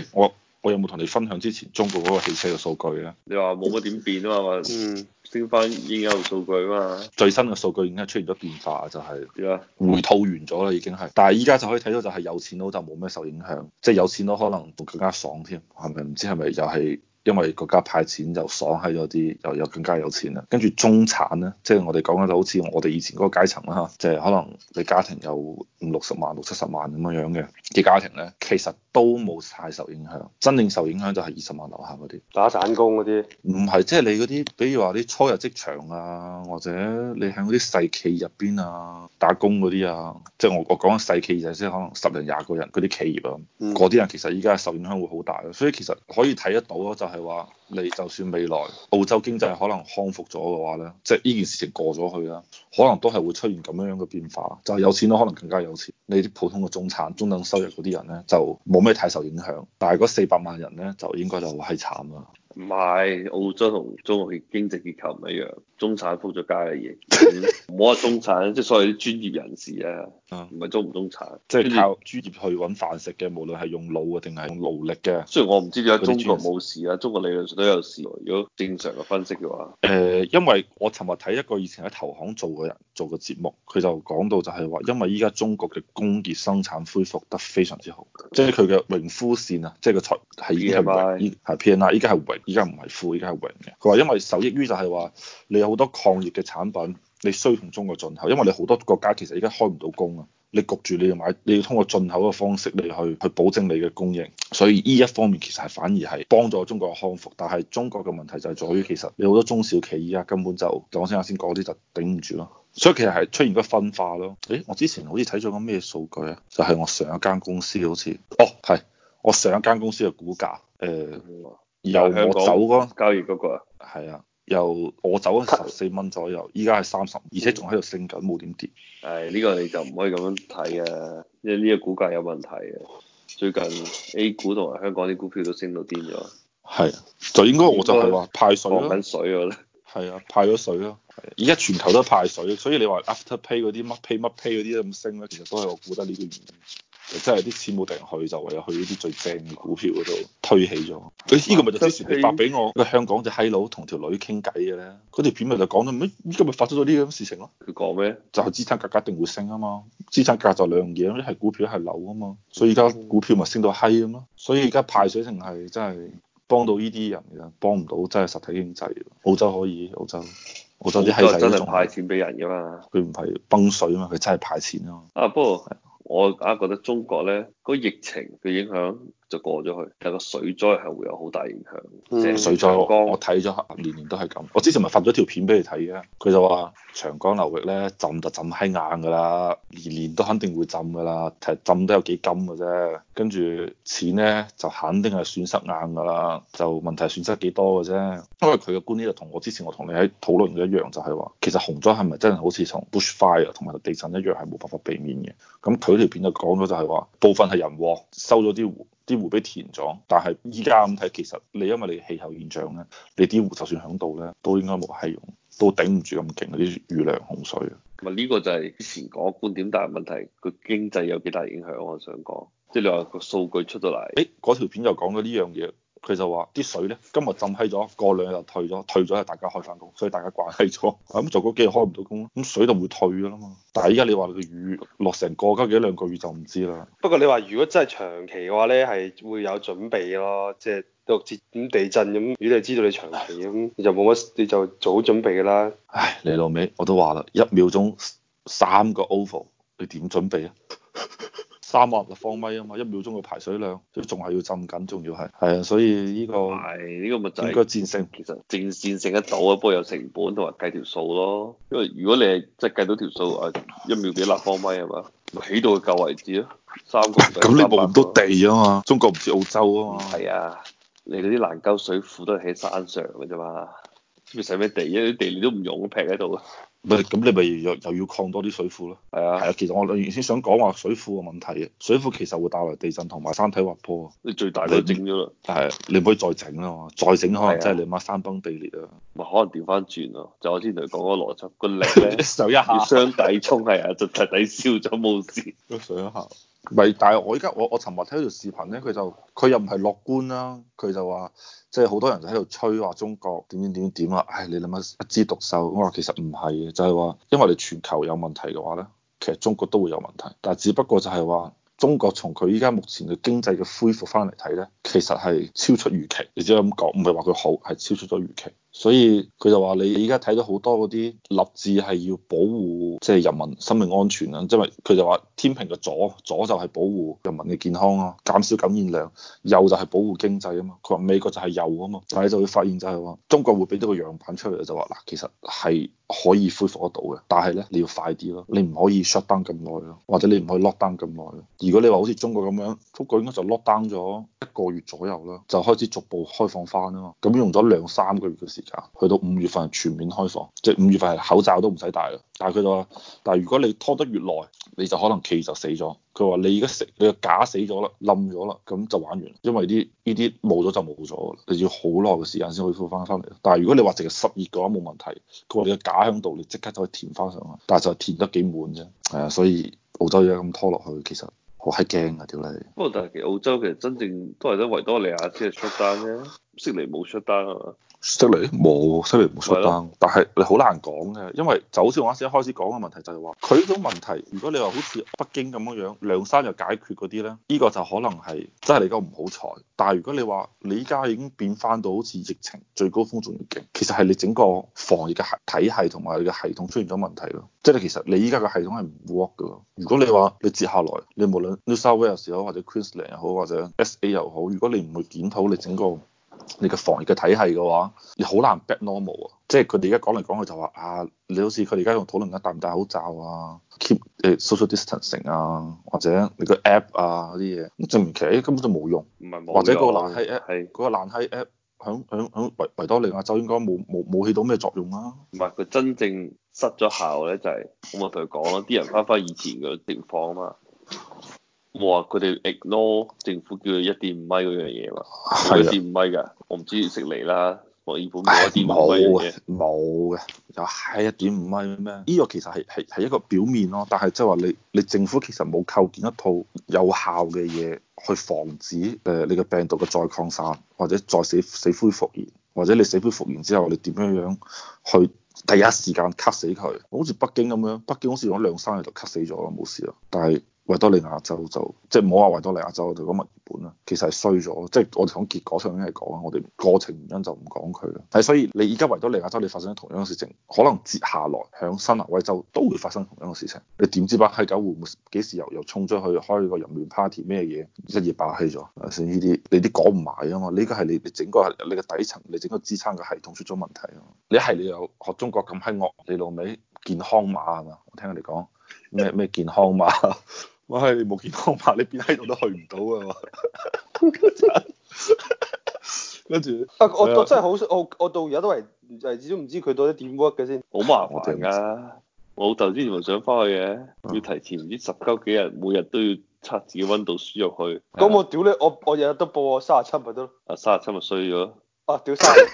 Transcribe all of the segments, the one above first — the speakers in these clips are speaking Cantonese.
誒、欸，我我有冇同你分享之前中國嗰個汽車嘅數據咧？你話冇乜點變啊嘛，嗯，升翻應有數據啊嘛。最新嘅數據已經出現咗變化，就係點啊？回吐完咗啦，已經係，但係依家就可以睇到就係有錢佬就冇咩受影響，即係有錢佬可能更加爽添，係咪？唔知係咪又係？因為國家派錢就爽喺咗啲，又又更加有錢啦。跟住中產咧，即係我哋講緊就好似我哋以前嗰個階層啦，即係可能你家庭有五六十萬、六七十萬咁樣樣嘅啲家庭咧，其實都冇太受影響。真正受影響就係二十萬樓下嗰啲打散工嗰啲，唔係即係你嗰啲，比如話啲初入職場啊，或者你喺嗰啲細企入邊啊打工嗰啲啊，即係我我講緊細企就係先可能十零廿個人嗰啲企業啊，嗰啲、嗯、人其實依家受影響會好大咯。所以其實可以睇得到就係。係話你就算未來澳洲經濟可能康復咗嘅話呢，即係呢件事情過咗去啦，可能都係會出現咁樣樣嘅變化，就係有錢咯，可能更加有錢。你啲普通嘅中產、中等收入嗰啲人呢，就冇咩太受影響，但係嗰四百萬人呢，就應該就係慘啦。唔係澳洲同中國嘅經濟結構唔一樣。中產富足街嘅嘢，唔好話中產，即、就、係、是、所謂啲專業人士啊，唔係、啊、中唔中產，即係靠專業去揾飯食嘅，無論係用腦啊定係用勞力嘅。雖然我唔知點解中國冇事、啊、事啊，中國理論上都有事、啊。如果正常嘅分析嘅話，誒、呃，因為我尋日睇一個以前喺投行做嘅人做嘅節目，佢就講到就係話，因為依家中國嘅工業生產恢復得非常之好，即係佢嘅榮枯線啊，即係個材係已經係榮，依係 P N I，依家係榮，依家唔係枯，依家係榮嘅。佢話因為受益於就係話你有。好多抗疫嘅產品，你需同中國進口，因為你好多國家其實而家開唔到工啊，你焗住你要買，你要通過進口嘅方式，你去去保證你嘅供應，所以呢一方面其實係反而係幫助中國嘅康復。但係中國嘅問題就係在於，其實你好多中小企依家根本就講先下先講啲就頂唔住咯，所以其實係出現咗分化咯。誒，我之前好似睇咗個咩數據啊，就係、是、我上一間公司好似，哦係，我上一間公司嘅股價，誒、呃、由我走嗰交易嗰個啊。係啊。由我走咗十四蚊左右，依家係三十，而且仲喺度升緊，冇點跌。係呢、哎這個你就唔可以咁樣睇嘅、啊，因為呢個股價有問題嘅、啊。最近 A 股同埋香港啲股票都升到癲咗。係、啊、就應該我就係話派水、啊、放緊水我、啊、咧。係啊，派咗水咯、啊。而家、啊、全球都派水，所以你話 after pay 嗰啲乜 pay 乜 pay 嗰啲咁升咧，其實都係我估得呢啲原因。真係啲錢冇埞去，就唯有去呢啲最正嘅股票嗰度推起咗。佢呢個咪就之前你發俾我，你香港隻閪佬同條女傾偈嘅咧，嗰條片咪就講到，唔依家咪發生咗呢咁事情咯。佢講咩？就係資產價格，格，格一定會升啊嘛！資產價就兩樣嘢，一係股票，一係樓啊嘛。所以而家股票咪升到閪咁咯。所以而家派水淨係真係幫到呢啲人，嘅，係幫唔到真係實體經濟。澳洲可以，澳洲澳洲啲閪佬真係派錢俾人㗎嘛！佢唔係崩水啊嘛，佢真係派錢啊啊，不過～我而家覺得中國咧，嗰、嗰個疫情嘅影響。就過咗去，但係個水災係會有好大影響嘅。水災，我睇咗年年都係咁。我之前咪發咗條片俾你睇嘅，佢就話長江流域咧浸就浸係硬㗎啦，年年都肯定會浸㗎啦。其實浸都有幾金㗎啫，跟住錢咧就肯定係損失硬㗎啦。就問題損失幾多㗎啫？因為佢嘅觀點就同我之前我同你喺討論嘅一樣，就係話其實洪災係咪真係好似從 Bushfire 同埋地震一樣係冇辦法避免嘅？咁佢條片就講咗就係話部分係人禍收咗啲。啲湖俾填咗，但係依家咁睇，其實你因為你氣候現象咧，你啲湖就算喺度咧，都應該冇係用，都頂唔住咁勁嗰啲雨量洪水啊。同埋呢個就係之前嗰個觀點，但係問題個經濟有幾大影響，我想講，即係你話個數據出到嚟，誒嗰條片又講咗呢樣嘢。佢就話啲水咧，今日浸閪咗，過兩日退咗，退咗就大家開翻工，所以大家慣係咗。咁、嗯、做嗰幾日開唔到工，咁、嗯、水就會退㗎啦嘛。但係依家你話個雨落成個幾月、一兩個月就唔知啦。不過你話如果真係長期嘅話咧，係會有準備咯。即係都似咁地震咁，如果你知道你長期咁唉，你就冇乜，你就做好準備㗎啦。唉，你老尾我都話啦，一秒鐘三個 OFO，你點準備啊？三萬立方米啊嘛，一秒鐘嘅排水量，所以仲係要浸緊，仲要係。係啊，所以依、呢個係呢、呢個咪就係、應該戰勝。其實戰戰勝得到啊，不過有成本同埋計條數咯。因為如果你係即係計到條數啊，一秒幾立方米係嘛，起到個夠位置咯。三萬咁、啊、你冇咁多地啊嘛，中國唔似澳洲啊嘛。係啊，你嗰啲蘭江水庫都喺山上㗎啫嘛，邊使咩地啊？啲地你都唔用，平喺度啊。唔咁你咪又又要擴多啲水庫咯？係啊，係啊，其實我原先想講話水庫嘅問題啊，水庫其實會帶來地震同埋山體滑坡，你最大就整咗啦，係不啊，啊你唔可以再整咯，再整可能真係你媽山崩地裂啊！咪可能調翻轉咯、啊，就我之前同你講嗰個邏輯，個力就 一下雙底衝係啊，就底消咗冇事。都想下。咪但係我依家我我尋日睇到條視頻咧，佢就佢又唔係樂觀啦，佢就話即係好多人就喺度吹話中國點點點點啦，唉你諗下一,一枝獨秀，我話其實唔係嘅，就係話因為你全球有問題嘅話咧，其實中國都會有問題，但係只不過就係話中國從佢依家目前嘅經濟嘅恢復翻嚟睇咧，其實係超出預期，你只可以咁講，唔係話佢好，係超出咗預期。所以佢就話：你而家睇到好多嗰啲立志係要保護即係人民生命安全啊！即係佢就話天平嘅左左就係保護人民嘅健康啊，減少感染量；右就係保護經濟啊嘛。佢話美國就係右啊嘛。但你就會發現就係話中國會俾到個樣板出嚟就話嗱，其實係可以恢復得到嘅，但係咧你要快啲咯，你唔可以 shutdown 咁耐咯，或者你唔可以 lockdown 咁耐咯。如果你話好似中國咁樣，中國應該就 lockdown 咗一個月左右啦，就開始逐步開放翻啊嘛。咁用咗兩三個月嘅時。去到五月份全面開放，即係五月份係口罩都唔使戴啦。但係佢就話：但係如果你拖得越耐，你就可能企就死咗。佢話你而家食你個架死咗啦，冧咗啦，咁就玩完。因為啲呢啲冇咗就冇咗噶啦，你要好耐嘅時間先可以復翻返嚟。但係如果你話淨係濕熱嘅話冇問題，佢話你個架喺度，你即刻就可以填翻上去。但係就係填得幾滿啫。係啊，所以澳洲而家咁拖落去，其實好閪驚噶，屌你！不過但係其澳洲其實真正都係得維多利亞先係出單啫，悉尼冇出單係出嚟咧冇，出嚟冇衰得，但係你好難講嘅，因為就好似我啱先一開始講嘅問題就係話，佢呢種問題，如果你話好似北京咁樣樣，兩三日解決嗰啲咧，呢、呢個就可能係真係你講唔好彩。但係如果你話你依家已經變翻到好似疫情最高峰仲要勁，其實係你整個防疫嘅係體系同埋你嘅系統出現咗問題咯。即、就、係、是、其實你依家嘅系統係唔 work 㗎。如果你話你接下來，你無論 New South Wales 又好，或者 Queensland 又好，或者 SA 又好，如果你唔會檢討你整個。你個防疫嘅體系嘅話，你好難 back normal 啊！即係佢哋而家講嚟講去就話啊，你好似佢哋而家用討論緊戴唔戴口罩啊，keep 你 social distancing 啊，或者你個 app 啊嗰啲嘢，咁證明其實根本就冇用，用或者個爛嗨 app，係嗰的個爛嗨 app 響響響維多利亞州應該冇冇冇起到咩作用啊！唔係佢真正失咗效咧，就係、是、我咪同佢講咯，啲人翻返以前嘅地方嘛。冇話佢哋 ignore 政府叫佢一點五米嗰樣嘢嘛？一點五米㗎，我唔知食嚟啦。墨爾本冇一點五米樣嘢。冇嘅，就係一點五米咩？呢個其實係係係一個表面咯。但係即係話你你政府其實冇構建一套有效嘅嘢去防止誒你個病毒嘅再擴散，或者再死死灰復燃，或者你死灰復燃之後你點樣樣去第一時間 cut 死佢。好似北京咁樣，北京好似用咗兩三日就 cut 死咗啦，冇事啦。但係。維多利亞州就即係唔好話維多利亞州，我哋講墨爾本啦。其實係衰咗，即係我哋講結果上已經係講啦。我哋過程原因就唔講佢啦。但係所以你而家維多利亞州你發生咗同樣嘅事情，可能接下來響新南威州都會發生同樣嘅事情。你點知？巴閪九會唔會幾時又又衝咗去開個淫亂 party 咩嘢一夜爆氣咗？呢啲你啲講唔埋啊嘛。呢個係你你整個你嘅底層你整個支撐嘅系統出咗問題啊！你係你又學中國咁閪惡，你老味健康碼係嘛？我聽佢哋講咩咩健康碼。 我係冇健康碼，你邊喺度都去唔到啊！跟住，啊 我我真係好，我我到而家都係，就係始終唔知佢到底點 work 嘅先。好麻煩噶，我老豆之前咪想翻去嘅，要提前唔知十九幾日，每日都要測自己溫度輸入去。咁我屌你，我我日日都播我三十七咪得咯。啊三十七咪衰咗。啊屌三十七！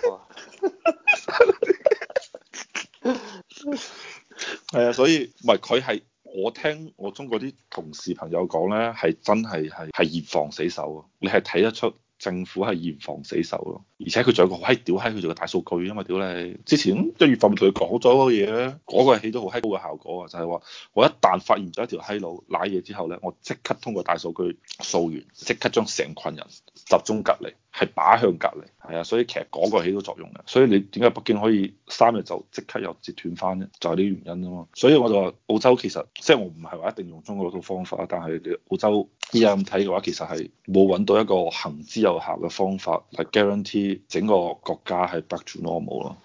係啊，所以唔係佢係。我聽我中國啲同事朋友講咧，係真係係係嚴防死守啊！你係睇得出政府係嚴防死守咯，而且佢仲有個好閪屌閪，佢做個大數據啊嘛！屌你，之前一月份同佢講咗嗰嘢咧，嗰、嗰個起咗好閪高嘅效果啊！就係話，我一旦發現咗一條閪佬瀨嘢之後咧，我即刻通過大數據掃完，即刻將成群人。集中隔離係靶向隔離，係啊，所以其實嗰個起到作用嘅，所以你點解北京可以三日就即刻又截斷翻呢？就係啲原因啊嘛。所以我就話澳洲其實即係我唔係話一定用中國嗰套方法，但係澳洲依家咁睇嘅話，其實係冇揾到一個行之有效嘅方法嚟 guarantee 整個國家係 back to normal 咯。